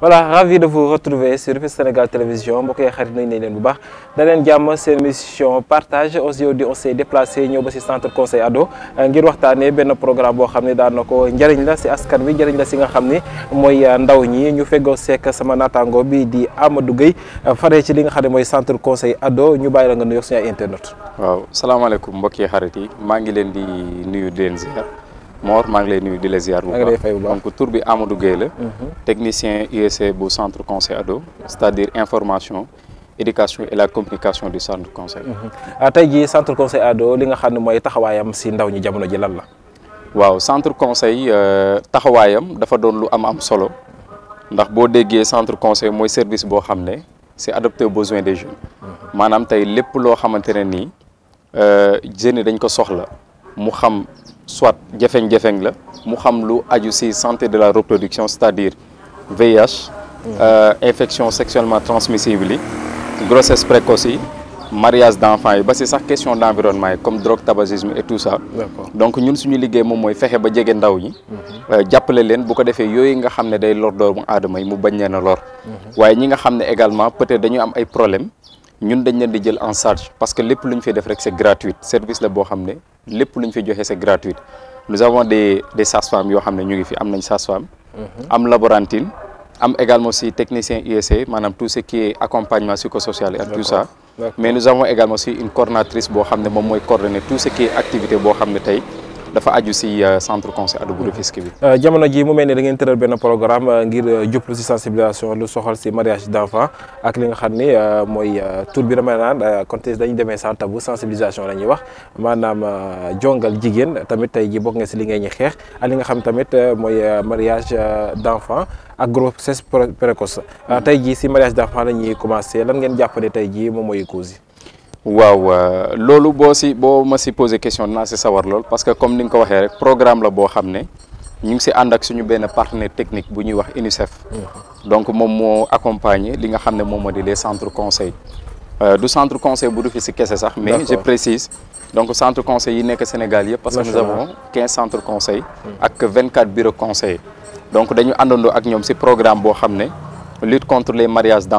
voilà ravi de vous retrouver Sénégal Télévision mbokk yi xarit nañ leen bu baax da leen jàmm seen émission partage aujourd'hui on s'est déplacé ñëw ba si centre conseil ado euh, ngir waxtaanee benn programme boo xam ne daan na ko njëriñ la si askan wi njëriñ la si nga xam ne mooy euh, ndaw ñi ñu feggoo seek sama naataango bii di Amadou Gueye euh, faree ci li nga xam ne mooy centre conseil ado ñu bàyyi la nga nuyoog suñu ay internautes. waaw salaamaaleykum mbokk yi xarit yi maa ngi leen di nuyu di leen Mor maa ngi lay nuyu di la ziar bu baax donc tur bi Amadou Gueye la. Mhm. technicien IEC bu centre conseil ado c'est-à-dire information éducation et la communication du centre conseil. Mhm. Ah, tey jii centre conseil ado li nga xam ne mooy taxawaayam si ndaw ñi jamono ji lan la. waaw centre conseil euh, taxawaayam dafa doon lu am am solo ndax boo déggee centre conseil mooy service boo xam ne si adapté aux besoins des jeunes mhm. maanaam tey lépp loo xamante ne nii euh, jeunes dañ ko soxla mu xam. soit jafeñ-jafeñ la mu xam lu aju ci santé de la reproduction c'est-à-dire VIH euh, infection sexuellement transmissible yi grossesse précoce yi mariage d'enfants yi ba ci sax question d'environnement yi comme drogue tabagisme et tout ça donc ñun suñu liggéey moom mooy fexe ba jege ndaw ñi mhm. euh, jàppale leen bu ko defee yooyu nga xam ne day lor doomu aadama yi mu bañ leen a lor mhm. waaye ñi nga xam ne également peut-être dañu am ay problème ñun dañ leen di jël en charge parce que lépp lu ñu fay def rek c'est gratuit service la boo xam ne lépp lu ñu fay joxe c'est gratuit nous avons des des sages yoo xam ne ñu ngi fi am nañ sage-femme mhm. am laborantine am également aussi technicien IEC maanaam tout ce qui est accompagnement psychosocial et tout ça mais nous avons également aussi une coordonnatrice boo xam ne moom mooy coordonner tout ce qui est activité boo xam ne tey dafa aju si euh, centre conseil Addo bu Rufisque bi. Euh, jamono ji mu mel ne da ngeen tëral benn programme euh, ngir jublu si sensibilisation lu soxal si mariage d' enfant ak li nga xam ne mooy tur bi damay naan contexte dañuy demee sans bu sensibilisation la ñuy wax maanaam jongal jigéen tamit tey jii bokk nga si li ngay ñi xeex ak li nga xam tamit mooy mariage d' enfant ak grossesse précoce. tey jii si mariage d' enfant la ñuy lan ngeen jàpp ne tey jii moom mooy cause yi. waaw loolu boo si boo ma si posé question dinaa si sawar lool parce que comme ni nga ko waxee rek programme la boo xam ne ñu ngi si ànd ak suñu benn partenaire technique bu ñuy wax UNICEF. Mm-hmm. donc moom moo accompagner li nga xam ne moom moo di les centre conseil euh, du centre conseil bu Rufisque kese sax. mais je précise donc centre conseil yi nekk Sénégal yëpp. parce que nous avons quinze centres conseils. Mm. ak vingt quatre bureaux donc dañu àndandoo ak ñoom si programme boo xam ne lutte contre les mariages d'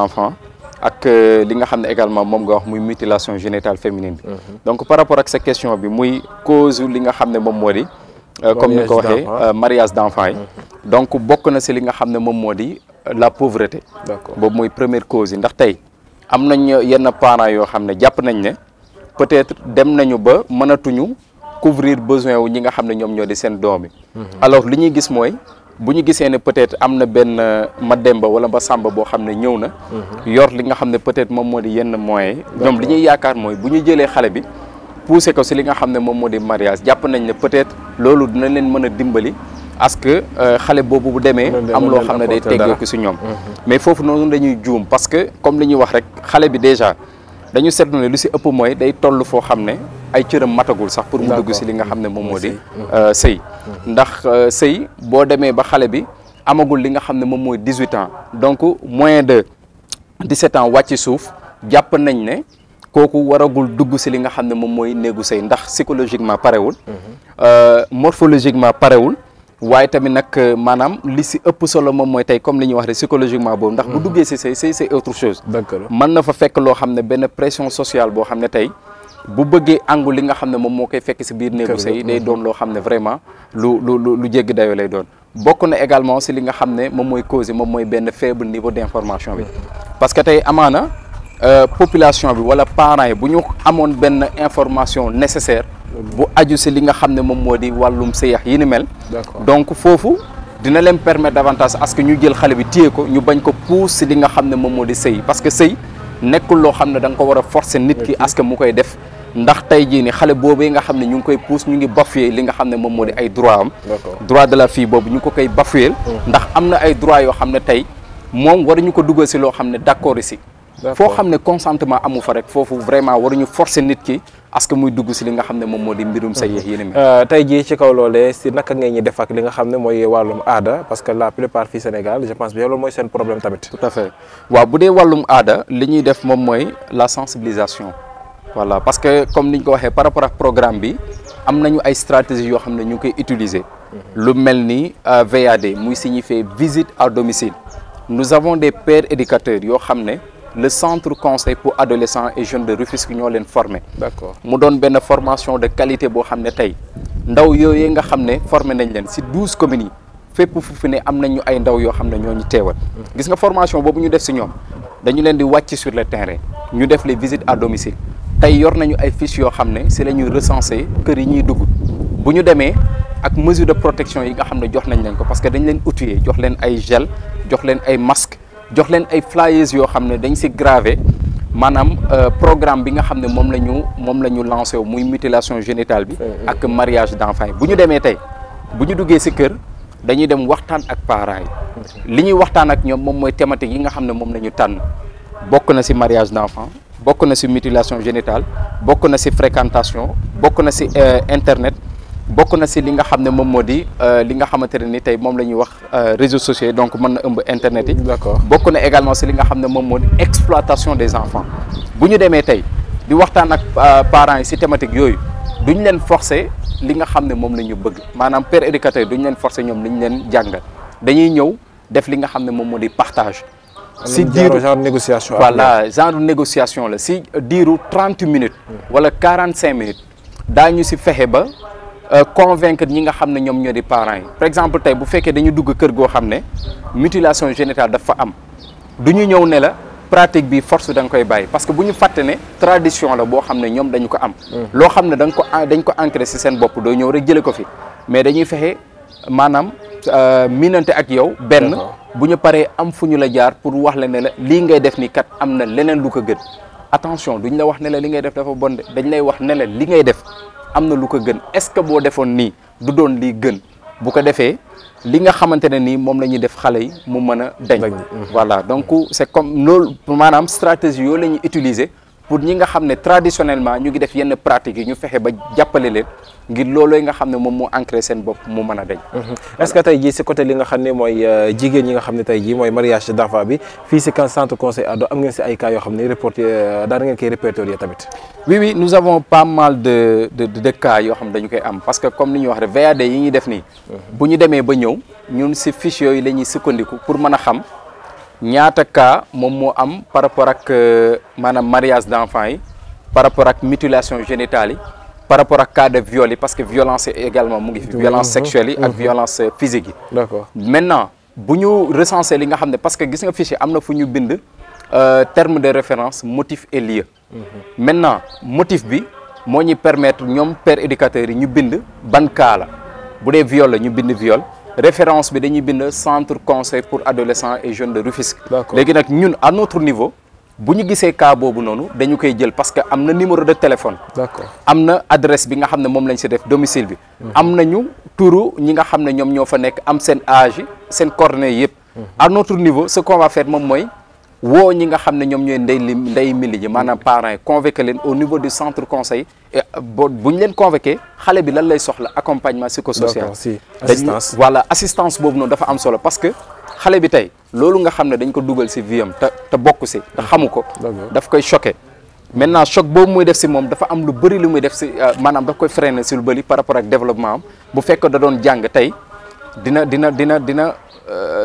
ak euh, li nga xam ne également moom nga wax muy mutilation génitale féminine bi mhm. donc par rapport ak sa question bi muy cause li nga xam ne moom moo di euh, comme ni ko waxee euh, mariage d'enfants yi mhm. donc bokk na si li nga xam ne moom moo di la pauvreté boobu mooy première cause yi ndax tey am nañ yenn parents yoo xam ne jàpp nañ ne peut-être dem nañu ba mënatuñu couvrir besoin wu ñi nga xam ne ñoom ñoo di seen doom yi mhm. alors li ñuy gis mooy bu ñu gisee ne peut-être am na benn ma euh, Mademba ma Masamba boo xam ne ñëw na. Mhm. yor li nga xam ne peut-être moom moo di yenn moyens ñoom li ñuy yaakaar mooy bu ñu jëlee xale bi poussé ko si li nga xam ne moom moo di mariage jàpp nañ ne peut-être loolu dina leen mën a dimbali. parce que euh, xale boobu bu demee am loo xam ne day ki si ñoom mhm. mais foofu noonu dañuy juum parce que comme li ñuy wax rek xale bi déjà dañu seetlu ne lu si ëpp mooy day toll foo xam ne ay cëram matagul sax pour mu dugg si li nga xam ne moom moo di euh, sëy ndax euh, sëy boo demee ba xale bi amagul li nga xam ne moom mooy dix-huit ans donc moyen de dix-sept ans wàcc suuf jàpp nañ ne kooku waragul dugg si li nga xam ne moom mooy néegu sëy ndax psychologiquement parewul mm-hmm. euh, morphologiquement parewul waaye tamit nag euh, maanaam li si ëpp solo moom mooy tey comme li ñu wax rek psychologiquement boobu ndax bu mm-hmm. duggee si say say c'est autre chose mën na fa fekk loo xam ne benn pression sociale boo xam ne tey bu bëggee àngu li nga xam ne moom moo koy fekk si biir néegu sëy day mm-hmm. doon loo xam ne vraiment lu lu lu lu jéggi dayoo lay doon bokk na également si li nga xam ne moom mooy cause moom mooy benn faible niveau d' information bi mm-hmm. parce que tey amaana Euh, population bi wala parent yi bu ñu amoon benn information nécessaire bu aju si li nga xam ne moom moo di wàllum sëyax yi ni mel donc foofu dina leen permettre davantage à que ñu jël xale bi téye ko ñu bañ ko pousse si li nga xam ne moom moo di sëy parce que sëy nekkul loo xam ne danga ko war a forcer nit ki à ce que mu koy def ndax tey jii ni xale boobu yi nga xam ne ñu ngi koy pousse ñu ngi bafouer li nga xam ne moom moo di ay droit am droit de la fi boobu ñu ko koy bafouer mm. ndax am na ay droit yoo xam ne tey moom waruñu ko dugal si loo xam ne d'accord foo xam ne consentement amu fa rek foofu vraiment waruñu forcer nit ki parce que muy dugg si li nga xam ne moom moo di mbirum sa yeex yéen a euh, tey jii ci kaw loolee si naka ngeen ñi def ak li nga xam ne mooy wàllum aada parce que la plupart fii Sénégal je pense bien loolu mooy seen problème tamit. tout à fait waaw bu dee wàllum aada li ñuy def moom mooy la sensibilisation. voilà parce que comme ni ñu ko waxee par rapport ak programme bi am nañu ay stratégies yoo xam ne ñu koy utiliser. Mhm. lu mel ni euh, VAD muy signifier visite à domicile. nous avons des pères éducateurs yoo xam ne. le centre conseil pour adolescents et jeunes de Rufisque ñoo leen formé. d'accord mu doon benn formation de qualité boo xam ne tey ndaw yooyu nga xam ne formé nañ leen si douze communes yi fépp fu fi ne am nañu ay ndaw yoo xam ne ñoo ñu teewat gis nga formation boobu ñu def si ñoom dañu leen di wàcc sur le terrain ñu def le visites à domicile tey yor nañu ay fiches yoo xam ne si la ñuy recenser kër yi ñuy dugg bu ñu demee. ak mesure de protection yi nga xam ne jox nañ leen ko parce que dañ leen outillé jox leen ay gel jox leen ay masque jox leen ay flyers yoo xam ne dañ si gravé maanaam euh, programme bi nga xam ne moom la ñu moom la ñu lancé wu muy mutilation génitale bi ak mariage d'enfants yi bu ñu demee tey bu ñu duggee si kër dañuy dem waxtaan ak parents yi li ñuy waxtaan ak ñoom moom mooy thématique yi nga xam ne moom la ñu tànn bokk na si mariage d'enfants bokk na si mutilation génitale bokk na si fréquentation bokk na si euh, internet bokk na si li nga xam ne moom moo di euh, li nga xamante ne ni tey moom la ñuy wax euh, réseaux sociaux yi donc mën na ëmb internet yi. d'accord bokk na également si li nga xam ne moom moo di exploitation des enfants bu ñu demee tey di waxtaan ak euh, parent si thématique yooyu duñ leen forcer li nga xam ne moom la ñu bëgg maanaam père éducateur duñ leen forcer ñoom li ñu leen jàngal dañuy ñëw def li nga xam ne moom moo di partage. si diiru genre négociation. voilà genre négociation la si diiru 30 minutes. wala 45 minutes daañu si fexe ba. Euh, convaincre ñi nga xam ne ñoom ñoo di parents yi par exemple tey bu fekkee dañu dugg kër goo xam ne mutilation génitale dafa am du ñu ñëw ne la pratique bi force danga koy bàyyi parce que bu ñu fàtte ne tradition la boo xam ne ñoom dañu ko am. Hmm. loo xam ne da nga ko dañ ko ancré si seen bopp doo ñëw rek jële ko fi mais dañuy fexe maanaam euh, miinante ak yow. benn bu ñu paree am fu ñu la jaar pour wax la ne la lii ngay def nii kat am na leneen lu ko gën attention duñ la wax ne li ngay def dafa bon de lay wax ne la li ngay def. am na lu ko gën est-ce que boo defoon nii du doon lii gën bu ko defee li nga xamante ne nii moom la ñuy def xale yi mu mën a dañ voilà donc c'est comme loolu maanaam stratégie yooyu la ñuy utiliser pour ñi nga xam ne traditionnellement ñu ngi def yenn pratiques yi ñu fexe ba jàppale leen ngir loolooy nga xam ne moom moo ancré seen bopp mu mën a dañ. Mhm. est-ce que tey jii si côté li nga xam ne mooy euh, jigéen ñi nga xam ne tey jii mooy mariage d'enfant bi fii si kan centre conseil ado am ngeen si ay cas yoo xam ne reporté euh, daan ngeen koy répertorier tamit. oui oui nous avons pas mal de de de cas yoo xam ne dañu koy am parce que comme ni ñuy wax rek VAD yi ñuy def nii. Mhm. bu ñu demee ba ñëw ñun si fiche yooyu la ñuy sukkandiku pour mën a xam. ñaata cas moom moo am par rapport ak euh, maanaam mariage d'enfants yi par rapport ak mutilation génitale yi par rapport ak cas viole viol yi parce que violence également mu ngi fi violence uh-huh. sexuelle yi ak uh-huh. violence euh, physique yi maintenant bu ñu recenser li nga xam ne parce que gis nga fichier am na fu ñu bind euh, terme de référence motif e lieu uh-huh. maintenant motif bi moo ñu permettre ñoom père éducateur yi ñu bind ban cas la bu dee viol la ñu bind viol référence bi dañuy bind centre conseil pour adolescents et jeunes de Rufisque. léegi nag ñun à notre niveau bu ñu gisee cas boobu noonu dañu koy jël parce que am na numéro de téléphone. am na adresse bi nga xam ne moom lañ si def domicile bi. Mhm. am nañu turu ñi nga xam ne ñoom ñoo fa nekk am seen âge seen coordonnées yëpp. Mhm. à notre niveau ce qu'on faire moom mooy. woo ñi nga xam ne ñoom ñooy ndey li ndey mili ji maanaam parents yi convoqué leen au niveau du centre conseil euh, bu ñu leen convoqué xale bi lan lay soxla accompagnement psychosocial si assistance voilà assistance boobu noonu dafa am solo parce que xale bi tey loolu nga xam ne dañ ko dugal si vie am te te bokk si te xamu ko daf koy choqué maintenant choc boobu muy def si moom dafa am lu bëri lu muy def si euh, maanaam daf koy freiné si lu bëri par rapport ak développement am bu fekk da doon jàng tey dina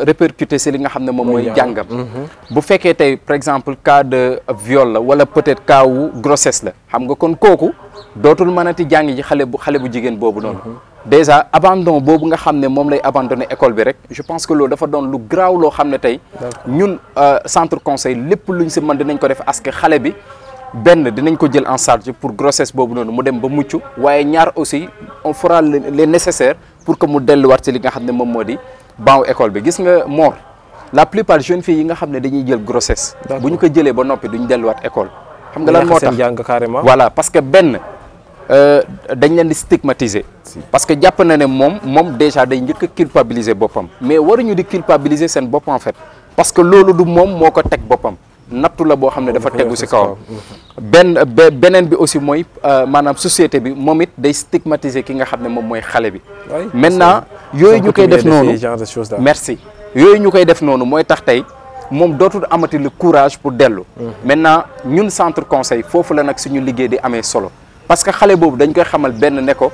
répercuter si li nga xam ne moom mooy jàngat mhm. bu fekkee tey par exemple cas de viol la wala peut-être cas wu grossesse la xam nga kon kooku dootul mënati jàng ji xale bu xale bu jigéen boobu noonu mhm. déjà abandon boobu nga xam ne moom lay abandonné école bi rek je pense que loolu dafa doon lu garaaw loo xam ne tey ñun euh, centre conseil lépp luñ si mën dinañ ko def parce que xale bi benn dinañ ko jël en charge pour grossesse boobu noonu mu dem ba mucc waaye ñaar aussi on fera les nécessaire pour que mu delluwaat ci li nga xam ne moom moo di ban école bi gis nga Mor la plupart jeune filles yi nga xam ne dañuy jël grossesse. bu ñu ko jëlee ba noppi duñ delluwaat école. xam nga lan moo tax jàng carrément. voilà parce que benn euh, dañ leen di stigmatiser. parce que jàpp na ne moom moom déjà day njëkk a culpabiliser boppam. mais ñu di culpabiliser seen bopp en fait parce que loolu du moom moo ko teg boppam. nattu la boo xam ne dafa tegu ci kawam benn beneen bi aussi mooy euh, maanaam société bi moom it day stigmatiser ki nga xam ne moom mooy xale bi yooyu ñu koy def noonu merci yooyu ñu koy def noonu mooy tax tey moom dootul amati le courage pour dellu mhm. maintenant ñun centre conseil foofu la nag suñu liggéey di amee solo parce que xale boobu dañ koy xamal benn ne ko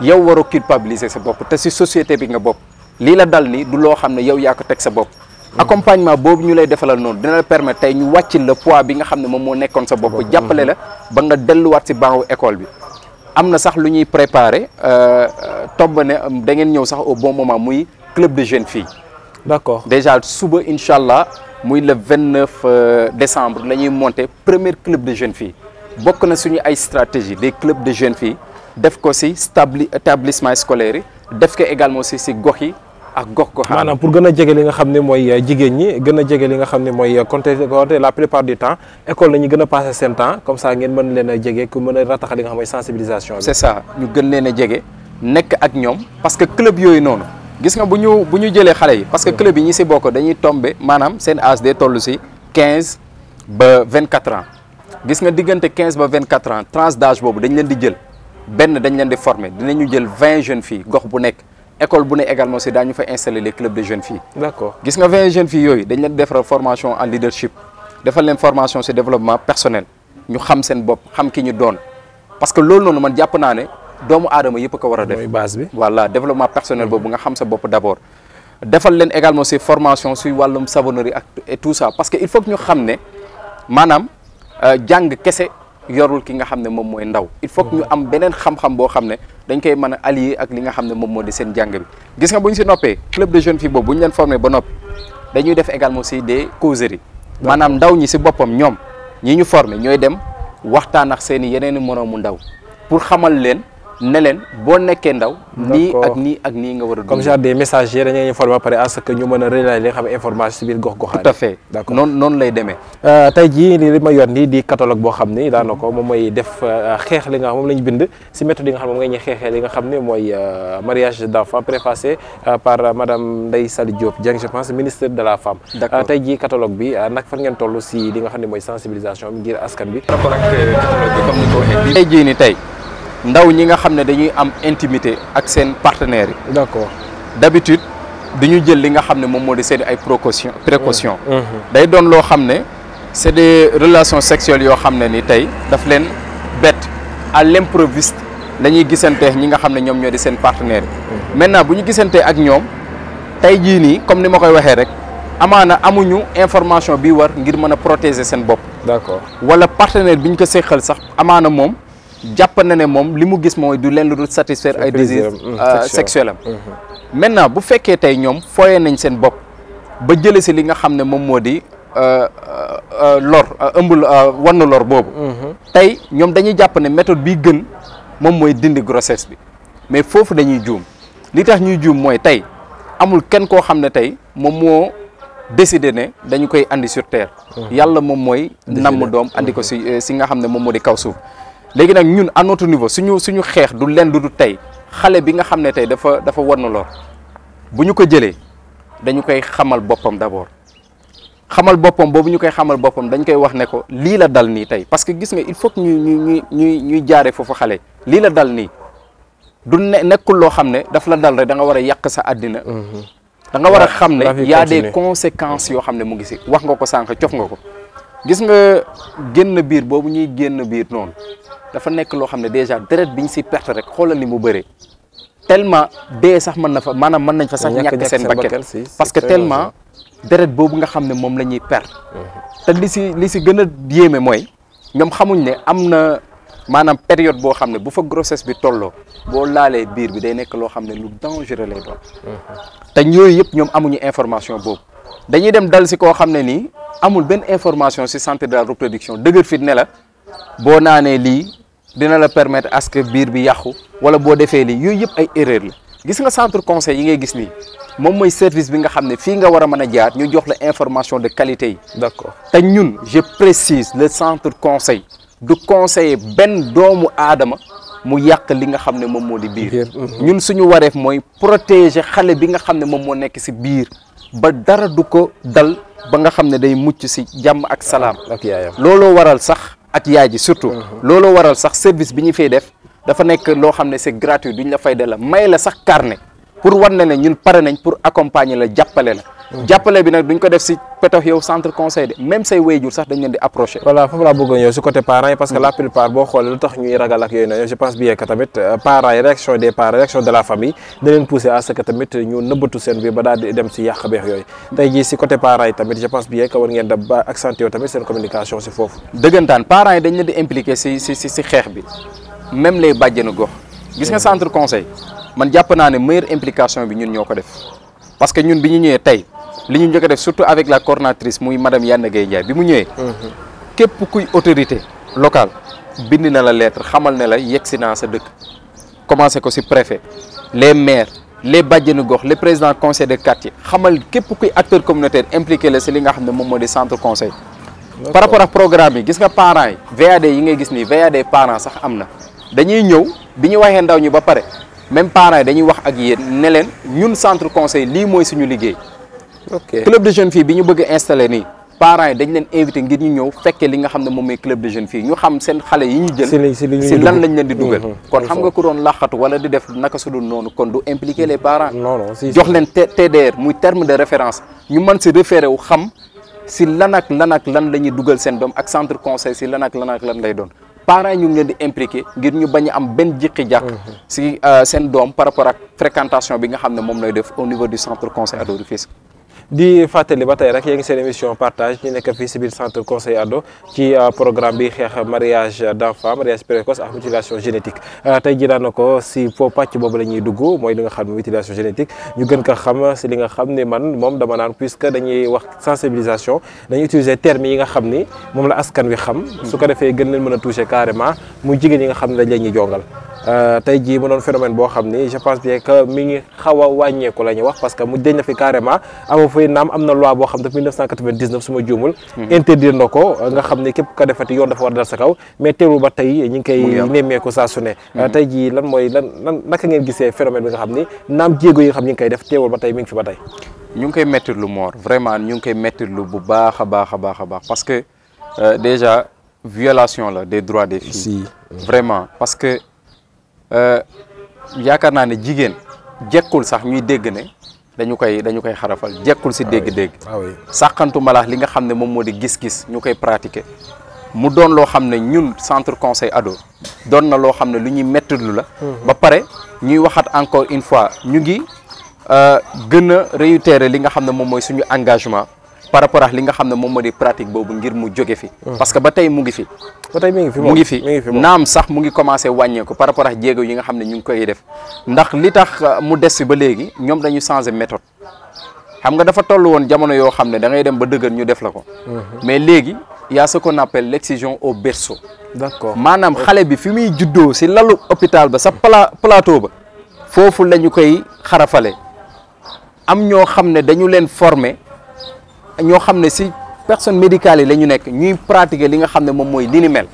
yow waroo culpabiliser sa bopp te si société bi nga bopp lii la dal ni du loo xam ne yow yaa ko teg sa bopp mhm. accompagnement boobu ñu lay defalal noonu dina la permettre tey ñu wàccil la pois bi nga xam ne moom moo nekkoon sa bopp jàppale la mhm. ba nga delluwaat si bangu école bi am na sax lu ñuy préparer euh, euh, tobb ne euh, da ngeen ñëw sax au bon moment muy club de jeunes filles. d'accord déjà suba incha allah muy le vingt neuf décembre la ñuy monter premier club de jeune fii bokk na suñu ay stratégie des clubs de jeunes fii def ko ci stabli établissement scolaire yi def ko également ci ci gox yi. ak gox gox maanaam pour gën a jege li nga xam ne mooy euh, jigéen ñi gën a jege li nga xam ne mooy euh, contexte la plupart du temps école la ñu gën a passé seen temps comme ça ngeen mën leen a jege ku mën a ratax li nga xam mooy sensibilisation c'est ça ñu gën leen a jege nekk ak ñoom parce que club yooyu noonu gis nga bu ñu bu ñu jëlee xale yi parce que club yi ñi si bokk dañuy tombe maanaam seen âge toll si quinze ba vingt quatre ans gis nga diggante quinze ba vingt quatre ans tranche d'âge boobu dañ leen di jël benn dañ leen di former dinañu jël vingt jeunes filles gox bu nekk école bu ne également si daañu fa installer les clubs de jeunes filles. d'accord gis nga vingt jeunes filles yooyu dañ leen defar formation en leadership defal leen formation si développement personnel ñu xam bopp xam ki ñu doon parce que loolu noonu man jàpp naa ne doomu aadama yëpp ko war a def. mooy base bi voilà développement personnel boobu nga xam sa bopp d'abord. defal leen également si formation si wàllum savonnerie ak et tout ça parce que il faut que ñu xam ne maanaam euh, jàng kese. yorul ki nga xam ne moom mooy ndaw il faut ñu am beneen xam-xam boo xam ne dañ koy mën a allier ak li nga xam ne moom moo di seen jàng bi gis nga bu ñu si noppee club de jeunes fii boobu bu ñu leen formé ba noppi dañuy def également aussi des causeries maanaam ndaw ñi si boppam ñoom ñi ñu formé ñooy dem waxtaan ak seen i yeneen i moroomu ndaw pour xamal leen ne leen boo nekkee ndaw. nii ak nii nii nga war a. comme genre des messagers a relayer li nga xam information si biir gox goxaan. Euh, boo xam ni daanaka moom mooy def euh, xeex li nga xam moom la yi nga xam moom nga ne mooy euh, mariage d'enfant préfacé par madame Ndeye Saly Diop Dieng je ministre de la femme. d'accord tey jii catalogue ngeen toll si li ne mooy sensibilisation bi ngir askan bi. par rapport ak catalogue ni ko ndaw ñi nga xam ne dañuy am intimité ak seen partenaires yi. d'accord d'habitude dañu jël li nga xam ne moom moo di seen ay précaution précaution mm-hmm. day doon loo xam ne c'est des relation sexuelles yoo xam ne ni tey daf leen bett à l'improviste la ñuy gisantee ñi nga xam ne ñoom ñoo di seen partenaires yi. Mm-hmm. maintenant bu ñu gisantee ak ñoom tey jii nii comme ni ma koy waxee rek amaana amuñu information bi war ngir mën a protéger seen bopp. d'accord wala partenaire bi ñu ko séqal sax amaana moom. jàpp na ne moom li mu gis mooy du leen lu dul satisfaire ay désir mm, euh, sexuel am mm-hmm. bu fekkee tey ñoom fooyee nañ seen bopp ba jële si li nga xam ne moom moo di euh, euh, lor ëmb wann lor boobu mm-hmm. tey ñoom dañuy jàpp ne méthode bi gën moom mooy dindi grossesse bi mais foofu dañuy juum li tax ñuy juum mooy tey amul kenn koo xam ne tey moom moo décidé ne dañu koy indi sur mm-hmm. yàlla moom mooy namm doom indi ko si si nga xam ne moom moo di kaw suuf léegi nag ñun à niveau suñu suñu xeex du leen du tey xale bi nga xam ne tey dafa dafa war na lor bu ñu ko jëlee dañu koy xamal boppam d'abord xamal boppam boobu ñu koy xamal boppam dañ koy wax ne ko lii la dal nii tey parce que gis nga il faut que ñuy ñuy ñuy ñuy foofu xale lii la dal nii du ne nekkul loo xam ne daf la dal rek da nga war a yàq sa àddina. Mhm. da nga war a xam ne y a des conséquences yoo xam ne mu ngi si wax nga ko sànq cof nga ko. gis nga génn biir boobu ñuy génn biir noonu dafa nekk loo xam ne déjà deret bi ñu si perte rek xoolal ni mu bëree tellement dee sax man na fa maanaam mën nañ fa sax ñàkk seen bakkan parce que tellement deret boobu nga xam ne moom la ñuy perte mhm. te li si li si gën a yéeme mooy ñoom xamuñ ne am na maanaam période boo xam ne bu fa grossesse bi tolloo boo laalee biir bi day nekk loo xam ne lu dangereux lay doon mhm. te ñooyu yëpp ñoom amuñu information boobu dañuy dem dal si koo xam ne nii amul benn information si santé de la reproduction dëgër fit la dina la permettre à ce que biir bi yàqu wala boo defee lii yooyu yëpp ay erreur la gis nga centre conseil yi ngay gis nii moom mooy service bi nga xam ne fii nga war a mën a jaar ñu jox la information de qualité yi. d'accord te ñun je précise le centre conseil du conseiller benn doomu aadama mu yàq li nga xam ne moom moo di biir. Mhm. ñun suñu wareef mooy protéger xale bi nga xam ne moom moo nekk si biir ba dara du ko dal ba nga xam ne day mucc si jàmm ak salaam. ak ak yaay ji surtout mhm. looloo waral sax service bi ñu fiy def dafa nekk loo xam ne c'est gratuit duñ la fay de la may la sax carnet pour wan ne ne ñun pare nañ pour accompagner la jàppale la jàppale bi nag duñ ko def si Petox yow centre conseil de même say wayjur sax dañ leen di approché foofu laa bëgg a si côté parents yi parce boo xoolee lu tax euh, ñu nëbbatu seen yooyu tey jii si côté parents yi tamit je pense bien que war ngeen da ba accentué yow tamit seen communication si foofu dëggantaan parents yi dañ leen di si xeex bi même les bàjjenu gox gis nga mm-hmm. centre conseil man jàpp naa ne meilleure implication bi ñun ñoo ko def parce li ñu njëkk def surtout avec la coordonnatrice muy madame Yann Gueye bi mu ñëwee. Mhm. képp kuy autorité locale bind na la lettre xamal ne la yegsi naa sa dëkk. commencé ko si préfet les maires les bàjjenu gox les président conseil de quartier xamal képp kuy acteur communautaire impliqué la si li nga xam ne moom moo di centre conseil. par rapport ak programme yi gis nga parent yi. VAD yi ngay gis nii VAD parents sax am na dañuy ñëw bi ñu waxee ndaw ñi ba pare même parents dañuy wax ak yéen ne leen ñun centre conseil lii mooy suñu liggéey. club de jeune fii bi ñu bëgg a installé nii parents yi dañ leen invité ngir ñu ñëw fekkee li nga xam ne moom mooy club de jeunes filles ñu xam seen xale yi ñu jël si lan lañ leen di dugal mm-hmm. kon xam nga ku doon laqatu wala di def naka su dul noonu kon du impliquer les parents jox leen TDR muy terme de référence ñu man si référé wu xam si lan ak lan ak lan la ñuy dugal seen doom ak centre conseil si lan ak lan ak lan lay doon parents ñu ngi leen di impliqué ngir ñu bañ am benn jiqi jàq mm-hmm. si euh, seen doom par rapport ak fréquentation bi nga xam ne moom lay def au niveau du centre conseil di fàttali ba tey rek yee ngi seen émission partage ñu nekk fii si biir centre conseil ado ci euh, programme bi xeex mariage d'enfant mariage précoce ak mutilation génétique euh, tey ji na ko si foo pàcc boobu la ñuy dugg mooy li nga xam ne mutilation génétique ñu gën ko xam si li nga xam ne man moom dama naan puisque dañuy wax sensibilisation dañuy utiliser termes yi nga xam ni moom la askan wi xam su ko defee gën nañ mën a toucher carrément mu jigéen yi nga xam ne dañ leen ñuy jongal Euh, tey jii mu doon phénomène boo xam ni je pense bien que mi ngi xaw a wàññeeku la ñuy wax parce que mu deñ na fi carrément ama fay naam am na loi boo xam ne 1999 su ma juumul mhm. interdire na ko euh, nga xam ni képp ko defati yoon dafa war a dal sa kaw mais teewul ba tey ñi ngi koy nemmeeku saa su euh, mhm. tey jii lan mooy lan lan naka ngeen gisee phénomène bi nga xam ni naam jéego yi nga xam ñi ngi koy def teewul ba tey mi ngi fi ba tey ñu ngi koy mettirlu moor vraiment ñu ngi koy lu bu baax a baax a baax a baax parce que déjà violation la des droits des filles vraiment Euh, yaakaar naa ne jigéen jekkul sax ñuy dégg ne dañu koy dañu koy xarafal jekkul si dégg-dégg ah ah sàqantu malaax li nga xam ne moom moo di gis-gis ñu koy pratiquer mu doon loo xam ne ñun centre conseil ado doon na loo xam ne lu ñuy mettitlu la mhm. ba pare ñuy waxat encore une fois ñu ngi euh, gën a réitérer li nga xam ne moom mooy suñu engagement par rapport ak li nga xam ne moom moo di pratique boobu ngir mu joge fi. Hmm. parce que ba tey mu ngi fi. ba mi ngi fi mu ngi fi naam sax mu ngi commencé wàññeeku par rapport ak jéego yi nga xam ne ñu ngi koy def ndax li tax euh, mu des fi ba léegi ñoom dañu changé méthode. xam nga dafa toll woon jamono yoo xam ne da ngay dem ba dëgër ñu def la ko. Hmm. mais léegi y a ce qu'on appelle l'excision au berceau. d'accord maanaam xale bi fi muy juddoo si lalu hôpital ba sa pla plateau ba. foofu la ñu koy xarafale am ñoo xam ne dañu leen former. ñoo xam ne si personne médicales yi la ñu nekk ñuy pratiquer li nga xam ne moom mooy li ni mhm.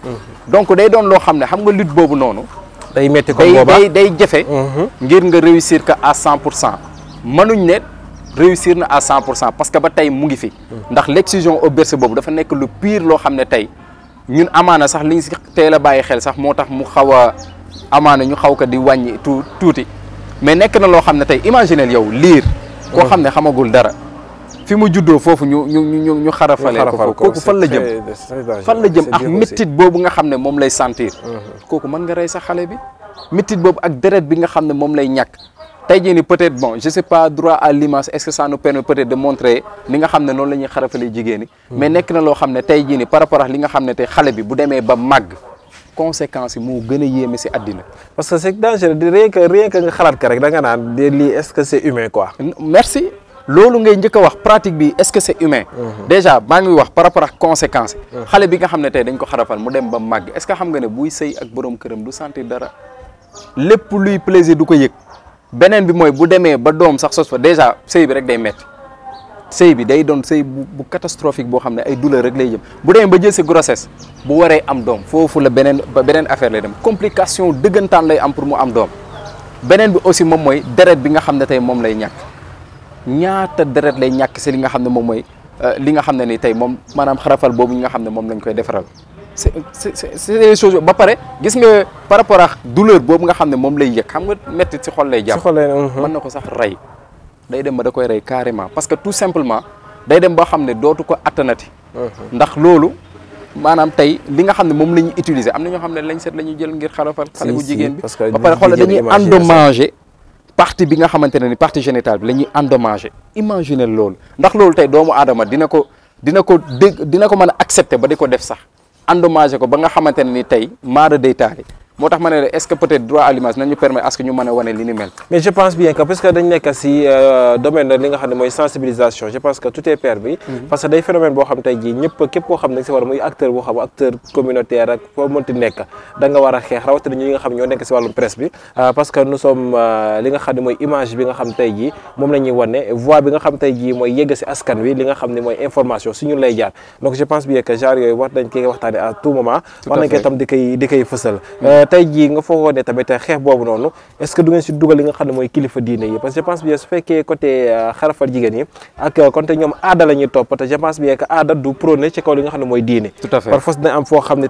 donc day doon loo xam ne xam nga lut boobu noonu. day métti ko booba day day jafe. Mhm. ngir nga réussir que à cent pour cent mënuñ ne réussir na à cent pour cent parce que ba tey mu ngi fi. Mhm. ndax l'excision au berceau boobu dafa nekk lu piir loo xam ne tey ñun amaana sax liñ si teel a bàyyi xel sax moo tax mu xaw a amaana ñu xaw ko di wàññi tu tuuti mais nekk na loo xam ne tey imaginez yow liir. koo xam ne xamagul dara. fi mu juddoo foofu ñu ñu ñu ñu xarafale kooku fan la jëm fan la jëm ak méttit boobu nga xam ne moom lay sentir mm-hmm. kooku mën nga rey sa xale bi méttit boobu ak deret bi nga xam ne moom lay ñàkk tey jii ni peut-être bon je sais pas droit à l'image est-ce que ça nous permet li nga xam ne noonu mm-hmm. nekk na loo xam ne tey jii ni par rapport ak li nga xam ne tey xale bi bu demee ba màgg conséquences yi moo gën a yéeme si addina parce que c'est dangereux rien que rien nga xalaat ka rek da nga naan de lii est-ce que loolu ngay njëkk wax pratique bi est-ce que c'est humain mhm. déjà maa ngi wax par rapport ak conséquence mhm. xale bi nga xam ne tey dañ ko xarafal mu dem ba màgg est-ce que xam nga ne buy sëy ak borom këram du sentir dara lépp luy plaisir du ko yëg beneen bi mooy bu demee ba doom sax sos fa déjà sëy bi rek day metti sëy bi day doon sëy bu bu catastrophique boo xam ne ay douleur rek lay jëm bu demee ba jël si grossesse bu waree am doom foofu la beneen beneen affaire lay dem complication dëggantaan lay am pour mu am doom beneen bi aussi moom mooy deret bi nga xam ne tey moom lay ñàkk ñaata deret lay ñàkk si li nga xam ne moom mooy euh, li nga xam ne ni tey moom maanaam xarafal boobu ñi nga xam ne moom lañ koy defaral c'est c'est des ba pare gis nga par rapport ak douleur boobu nga xam ne lay yëg xam nga métti si xol lay jàpp uh-huh. mën na ko sax rey day dem ba da koy rey carrément parce que tout simplement day dem ba xam ne dootu ko attanati uh-huh. ndax loolu maanaam tey li nga xam ne utiliser am na xam ne lañ jël ngir xarafal xale bu jigéen bi ba pare xoolal dañuy endommager partie bi nga xamante ne ni partie génitale bi la ñuy endommagé imaginer loolu ndax loolu tey doomu aadama dina ko dina ko dégg dina ko mën a accepter ba di ko def sax endommagé ko ba nga xamante ne ni tey maara day taali moo tax ma ne est-ce que peut droit à nañu permettre à ñu mën a wane li ni mel. mais je pense bien que parce que dañ nekk si euh, domaine la li nga xam ne mooy sensibilisation je pense que tout est permis mhm. parce que day phénomène boo xam tey jii ñëpp képp koo xam ne si war muy a xeex rawatina bi euh, parce que nous sommes euh, mooy image bi nga xam tey xam ne mooy information si ñun lay jaar donc je dañ koy waxtaane tout moment war nañ koy tam di koy di Euh, tey jii nga foogoo ne tamit xeex boobu noonu est-ce que du ngeen si dugal li nga xam ne mooy kilifa diine yi parce que je pense bien su fekkee côté euh, xarafal jigéen yi ak euh, kon te ñoom aada la topp te je pense bien que aada du prôné mooy diine tout à ne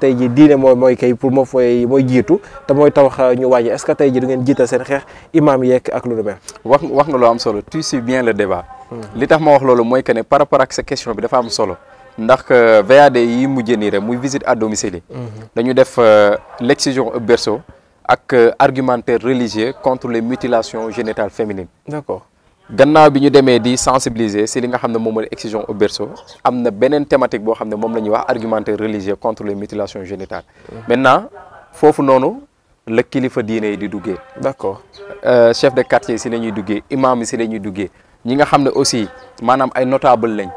te mooy tawax ñu wàññi est-ce que tey jii du ngeen jiital seen xeex imaam yeeg ak lu lu mel wax wax nga loo am solo tu suis bien le débat hmm. li tax ma wax loolu mooy que ne par rapport ak sa question bi dafa am solo ndax euh, VAD yi mujjee nii rek muy visite à domicile mhm. dañu def euh, l'excision ab berceau ak euh, argumentaire religieux contre les mutilations génitales féminines. d'accord gannaaw bi ñu demee di sensibiliser si li nga xam ne moom mooy excision au berceau am na beneen thématique boo xam ne moom la ñuy wax argumentaire religieux contre les mutilations génitales. Mhm. maintenant foofu noonu la kilifa diine yi di duggee. d'accord chef de quartier si la ñuy duggee imam yi si la duggee ñi nga xam ne aussi maanaam ay notable lañ.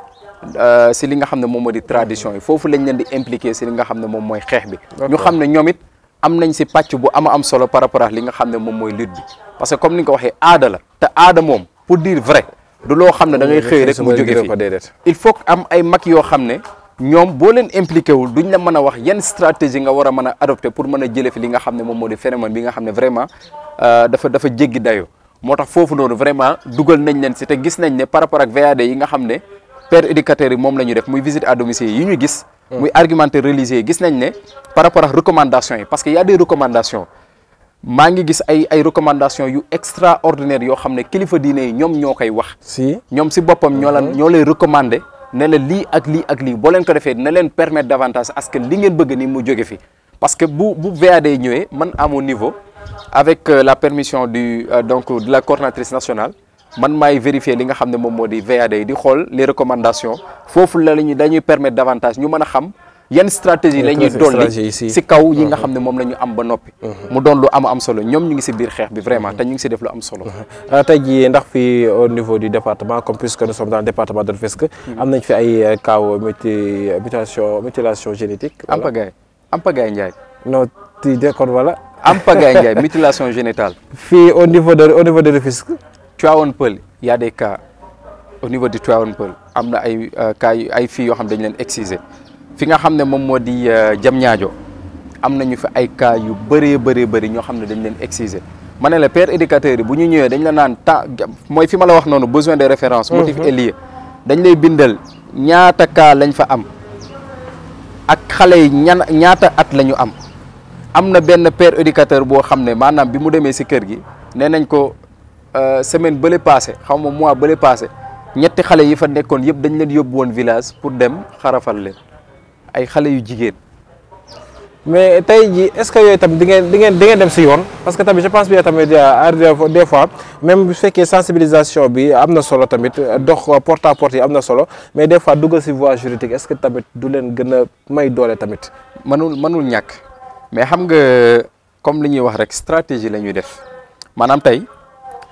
Euh, si li nga xam ne moom moo di tradition yi foofu lañ leen di impliqué si li nga xam ne moom mooy xeex bi ñu xam ne ñoom it am nañ si pàcc bu ama am solo par rapport a li nga xam ne moom mooy lutte bi parce que comme ni nga ko waxee aada la te aada moom pour dire vrai loo xam ne da ngay xëy rek mu jóge fi il faut ay mag yoo xam ne ñoom boo leen impliqué wul duñ la mën a wax yan stratégie nga war a mën a adopté pour mën jëlee fi li nga xam ne moom moo di phénomène bi nga xam ne vraiment euh, dafa dafa jéggi moo tax foofu noonu vraiment dugal nañ leen si te gis nañ ne par rapport ak VAD yi nga xam ne père éducateur yi moom la ñu def muy visite à domicile yi ñu gis. Hmm. muy argumentaire religieux yi gis nañ ne par rapport ak recommandations yi parce que y a des maa ngi gis ay ay recommandations yu extraordinaire yoo xam ne kilifa diine yi ñoom ñoo koy wax. si ñoom si boppam ñoo la hmm. ñoo lay recommander ne la lii ak lii ak lii boo leen ko defee na leen permettre davantage parce que li ngeen bëgg nii mu jóge fi. parce que bu bu de ñëwee man à mon niveau avec euh, la permission du euh, donc de la coordonnatrice nationale. man maay vérifier li nga xam ne moom moo di VAD di xool les recommandations foofu la ñu dañuy permettre davantage ñu mën a xam yan stratégie la ñuy dolli si kaw yi nga xam ne moom lañu am ba noppi mu doon lu am am solo ñoom ñu ngi si biir xeex bi vraiment te ñu ngi si def lu am solo ah, tey jii ndax fi au niveau du département comme puisque nous sommes dans le département de Rufisque am nañ fi ay kaw euh, muti mutation mutilation génétique ampagaay ampagaay Ndiaye non ti dékoon wala ampagaay Ndiaye mutilation génitale fii au niveau de au niveau de Rufisque Tivaouane Peulh y a ka au niveau du Tivaouane Peulh am na ay euh, cas ay filles yoo xam dañ leen exciser fi nga xam ne moom moo di ñaajo euh, am nañu fi ay cas yu bëree bëree bëri ñoo xam ne dañ leen exciser ma ne la père éducateur yi bu ñu ñëwee dañ la naan temps mooy fi ma la wax noonu besoin de référence mhm. motif et dañ lay bindal ñaata ka lañ fa am ak xale yi ñan ñaata at la ñu am am na benn père éducateur boo xam ne maanaam bi mu demee si kër gi nee nañ ko Euh, semaine bële passé xaw ma mois bële passé ñetti xale yi fa nekkoon yëpp dañu leen yóbbu woon village pour dem xarafal leen ay xale yu jigéen. mais tey jii est-ce que yooyu tam di ngeen di ngeen ngeen dem si yoon parce que tamit je pense bien tamit des fois même bu fekkee sensibilisation bi am na solo tamit dox porte à porte yi am na solo mais des fois duggal si voie juridique est-ce que tamit du leen gën a may doole tamit. mënul mënul ñàkk mais xam nga comme li ñuy wax rek stratégie la ñuy def maanaam tey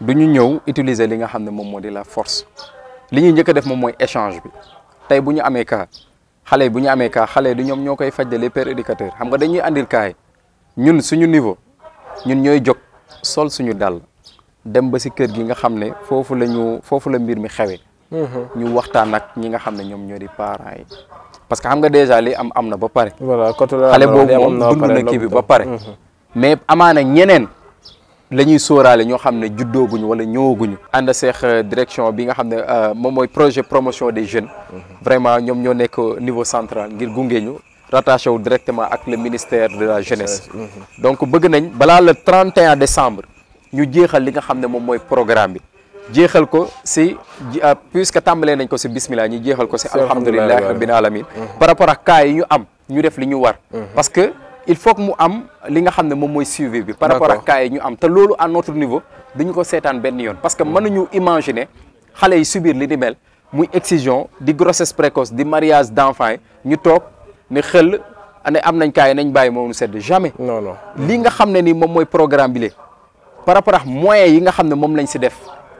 du ñu ñëw utiliser li nga xam ne moom moo di la force li ñuy njëkk a def moom mooy échange bi tey bu ñu amee cas xale yi bu ñu amee cas xale du ñoom ñoo koy fajale père éducateur xam nga dañuy andil kaay ñun suñu niveau ñun ñooy jóg sol suñu dàll dem ba si kër gi nga xam ne foofu la ñu foofu la mbir mi xewee. Mhm. ñu waxtaan ak ñi nga xam ne ñoom ñoo di parents yi. parce que xam nga déjà li am am na ba pare. voilà côté xale boobu moom dund na kii bi ba pare. Mhm. mais amaana ñeneen. la ñuy sóoraale ñoo xam ne juddooguñu wala ñëwaguñu ànd seex euh, direction bi nga xam ne euh, moom mooy projet promotion des jeunes mhm. vraiment ñoom ñoo nekk niveau central ngir gunge ñu rattaché wu directement ak le ministère de la jeunesse mhm. donc bëgg nañ balaa le 31 décembre ñu jeexal li nga xam ne moom mooy programme bi jeexal ko si euh, puisque tàmbalee nañ ko si bismillah ñu jeexal ko si alhamdulilahi rabbil alamin mhm. par rapport ak cas yi ñu am ñu def li ñu war il faut mu am li nga xam ne moom mooy suivi bi par rapport ak cas ñu am te loolu à notre niveau duñu ko seetaan benn yoon parce que mënuñu imaginer xale yi subiir li ni mel muy excision di grossesse précoce di mariage d' enfant yi ñu toog ne xel ne am nañ cas yi nañ bàyyi moom nu sedd jamais non non li nga xam ne ni moom mooy programme bi le par rapport ak moyens yi nga xam ne moom lañ si def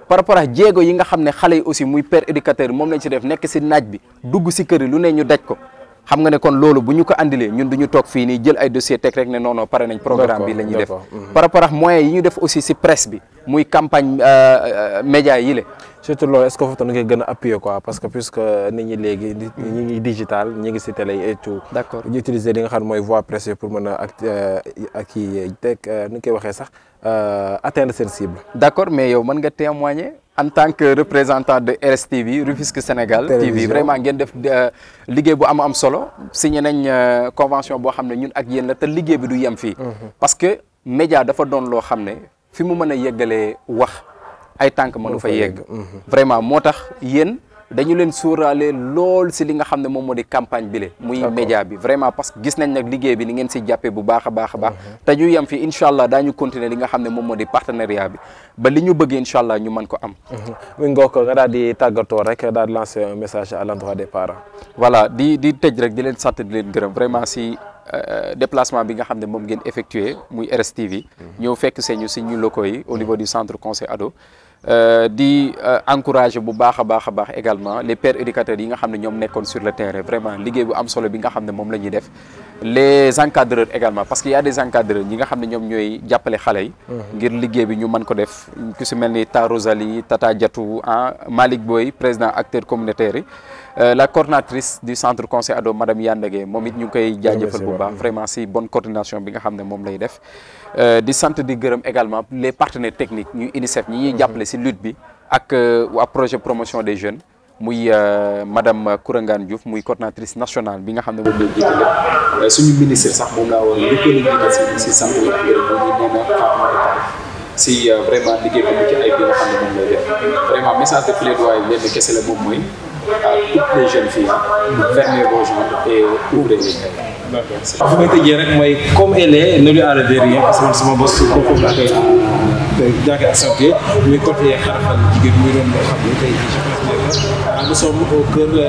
par rapport ak yi nga xam ne xale yi aussi muy père éducateur moom lañ si def nekk si naaj bi dugg si kër yi lu ne ñu daj ko xam nga ne kon loolu bu ñu ko andilee ñun duñu toog fii nii jël ay dossier teg rek ne non non pare nañ programme bi la ñuy def mhm. par rapport ak moyens yi ñu def aussi si presse bi muy campagne euh, euh, média yi le surtout loolu est-ce que foofu tamit nga gën a appuyer parce que puisque nit ñi léegi ñi ngi digital ñi ngi si télé yi et tout ñu utiliser li nga xam mooy voie presse pour mën a euh, ak kii teg nu ñu koy waxee sax atteindre seen cible d'accord mais yow mën nga témoigner en tant que représentant de RSTV Rufisque Sénégal TV vraiment ngeen def euh, liggéey bu am am solo signé nañ euh, convention boo xam ne ñun ak yéen la te liggéey bi du yem fii mhm. parce que média dafa doon loo xam ne fi mu mën a yeggalee wax ay tànk mënu fa yegg mhm. vraiment moo tax yéen dañu leen sóoraale lool si li nga xam ne moom moo di campagne bi le muy média bi vraiment parce que gis nañ nag liggéey bi ni ngeen si jàppee bu baax a baax baax mhm. te ñu yem fi incha allah daañu continuer li nga xam ne moom moo di partenariat bi ba li ñu bëgg incha allah ñu mën ko am mi mhm. ngoo ko nga daal di tàggatoo rek daal di lancer un message à l'endroit des parents voilà di di tëj rek di leen sant di leen gërëm vraiment si euh, déplacement bi nga xam ne moom ngeen effectué muy RSTV mhm. ñëw fekk see ñu si yi au niveau du centre conseil ado Euh, di euh, encourager bu baax a baax a baax également les pères éducateurs yi nga xam ne ñoom nekkoon sur le terrain vraiment liggéey bu am solo bi nga xam ne moom la def les encadreurs également parce que y des encadreurs ñi nga xam ne ñoom ñooy jàppale xale yi. ngir liggéey bi ñu mën ko def ku si mel ni Ta Rosalie Tata Diatou ah Malick Boy président acteur communautaire yi euh, la coordinatrice du centre conseil ado madame Yandage moom it ñu ngi koy jaajëfal bu baax vraiment si bonne coordination bi nga xam ne moom lay def euh, di sant di gërëm également les partenaires technique ñu UNICEF ñi ñuy jàppale si lutte bi ak euh, wa projet promotion des jeunes muy euh, madam Kourangane Diouf muy coordinatrice nationale bi nga xam ne moom la jiite lépp euh, suñu ministre sax moom laa war lépp lu si si euh, vraiment liggéey bu ci ay moom lay def vraiment message de plaidoyer lenn kese la moom mooy à toutes les jeunes filles fermez vos jambes et ouvrez-les. d'accord fu may tëjee rek mooy comme elle est ne lui enlève rien parce que man sama bopp jaage ak santé mais côté xarafal jigéen muy doon loo xam ne tey nous sommes au cœur du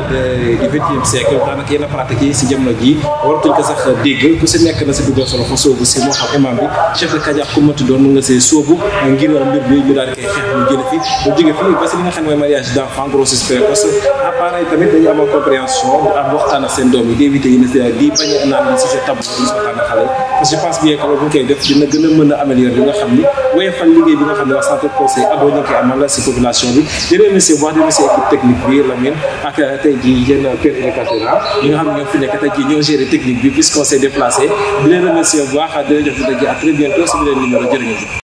vingtième siècle daanaka yenn pratique yi si jamono ji waratuñ ko sax dégg ku si nekk na si duggal solo fa soobu si moo de Kajaar ku mënti doon nga jële mu si li nga xam si ni wéyal bi équipe technique bi Sidi Lamine ak euh, tey jii yéen euh, Père Ekaterina ñi nga xam ne ñoo fi technique bi puisqu'on s'est déplacé di leen remercier bu baax di leen jox di daje